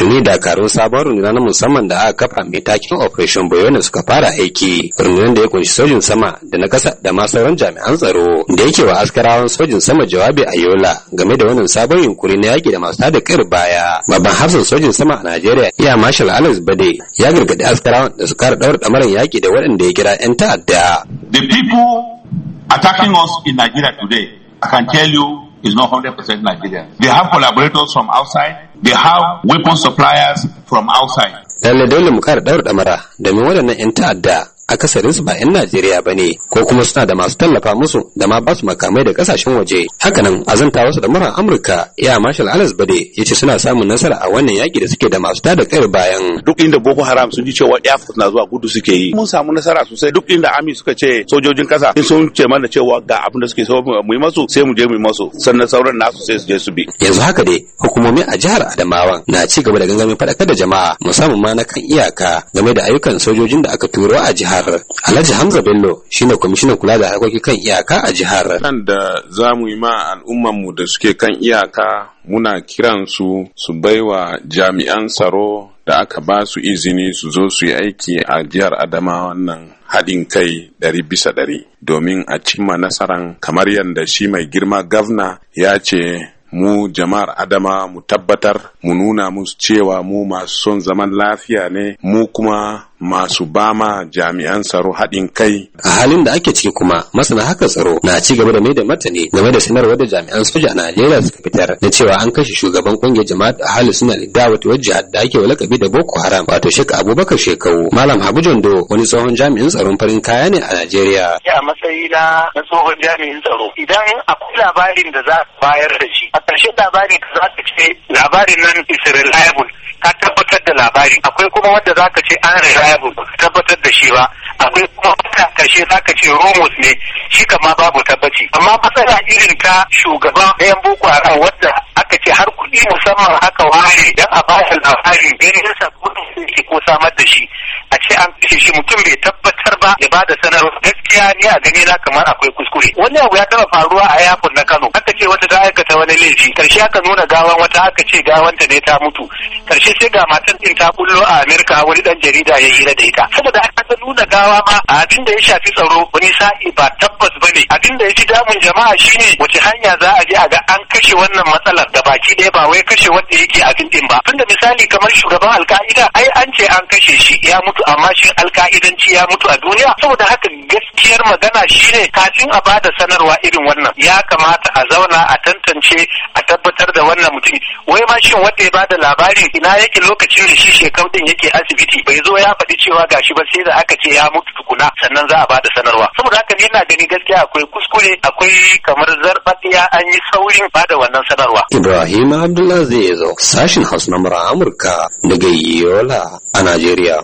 tuni dakarun sabon runduna na musamman da aka kafa mai takin operation bayona suka fara aiki rundunar da ya kunshi sojin sama da na kasa da ma sauran jami'an tsaro da yake wa askarawan sojin sama jawabi a yola game da wannan sabon yunkuri na yaki da masu tada kar baya babban hafsan sojin sama a najeriya iya marshal alex bade ya gargadi askarawan da su kara daura damarar yaki da waɗanda ya kira 'yan ta'adda the people attacking us in nigeria today i can tell you is not 100% Nigerian. They have collaborators from outside, they have weapon suppliers from outside. Lalle dole mu kara daura damara domin waɗannan 'yan ta'adda akasarin su ba 'yan Najeriya ba ne ko kuma suna da masu tallafa musu da ma ba makamai da kasashen waje. Hakanan azanta wasu da mara Amurka ya Marshal Alex Bade ya ce suna samun nasara a wannan yaki da suke da masu tada kai bayan. Duk inda Boko Haram sun ji cewa Airfort na zuwa gudu suke yi. Mun samu nasara sosai duk inda Army suka ce sojojin kasa in sun ce mana cewa ga abin da suke so mu yi masu sai mu je mu yi masu sannan sauran nasu sai su je su bi. Yanzu haka dai hukumomi a jihar Adamawa na ci gaba da gangamin faɗakar da jama'a musamman ma na kan iyaka game da ayyukan sojojin da aka turo a jihar. jihar. Alhaji Hamza Bello shine kwamishinan kula da harkoki kan iyaka a jihar. Kan da za mu yi ma al'umman mu da suke kan iyaka muna kiran su su baiwa jami'an tsaro da aka ba su izini su zo su yi aiki a jihar Adama wannan haɗin kai ɗari bisa ɗari domin a cimma nasaran kamar yadda shi mai girma gavna ya ce mu jama'ar adama mu tabbatar mu nuna musu cewa mu masu son zaman lafiya ne mu kuma masu bama jami'an tsaro haɗin kai. A halin da ake ciki kuma masana haka tsaro na ci gaba da mai da martani game da sanarwar da jami'an soja a Najeriya suka fitar da cewa an kashe shugaban kungiyar jama'a hali suna da wata wajen da ake walakabi da Boko Haram wato Sheikh Abubakar Shekau Malam Habu Jondo wani tsohon jami'in tsaron farin kaya ne a Najeriya. Ya matsayi na tsohon jami'in tsaro idan akwai labarin da za su bayar da shi a ƙarshen labarin da za ka ce labarin nan is reliable ka tabbatar da labarin akwai kuma wanda za ka ce an reliable babu tabbatar da shi ba akwai kuma wata karshe ka ce rumus ne shi kama babu tabbaci amma matsala irin ta shugaba ɗayan boko haram wadda kuɗi musamman aka ware don a ba shi labari ganin sa kuɗin ko samar da shi a ce an kashe shi mutum bai tabbatar ba ya ba da sanarwa gaskiya ni a gani na kamar akwai kuskure wani abu ya taɓa faruwa a yakun na Kano aka ce wata ta aikata wani laifi karshe aka nuna gawan wata aka ce gawanta ne ta mutu karshe sai ga matan din ta kullo a Amerika wani dan jarida ya hira da ita saboda aka ba ma abin da ya shafi tsaro wani sa'i ba tabbas ba ne abin da ya fi damun jama'a shine wace hanya za a je a ga an kashe wannan matsalar da baki ɗaya ba wai kashe wanda yake abin din ba tunda misali kamar shugaban alka'ida ai an ce an kashe shi ya mutu amma shi alka'idanci ya mutu a duniya saboda haka gaskiyar magana shine kafin a ba da sanarwa irin wannan ya kamata a zauna a tantance a tabbatar da wannan mutum wai ma shin wanda ya bada labarin ina yake lokacin da shi shekau din yake asibiti bai zo ya faɗi cewa gashi ba sai da aka ce ya ya mutu tukuna sannan za a ba da sanarwa saboda haka ni ina gani gaskiya akwai kuskure akwai kamar zarbaɗiya an yi saurin ba da wannan sanarwa. Ibrahim zo sashin Hausa na Amurka daga Yola a Najeriya.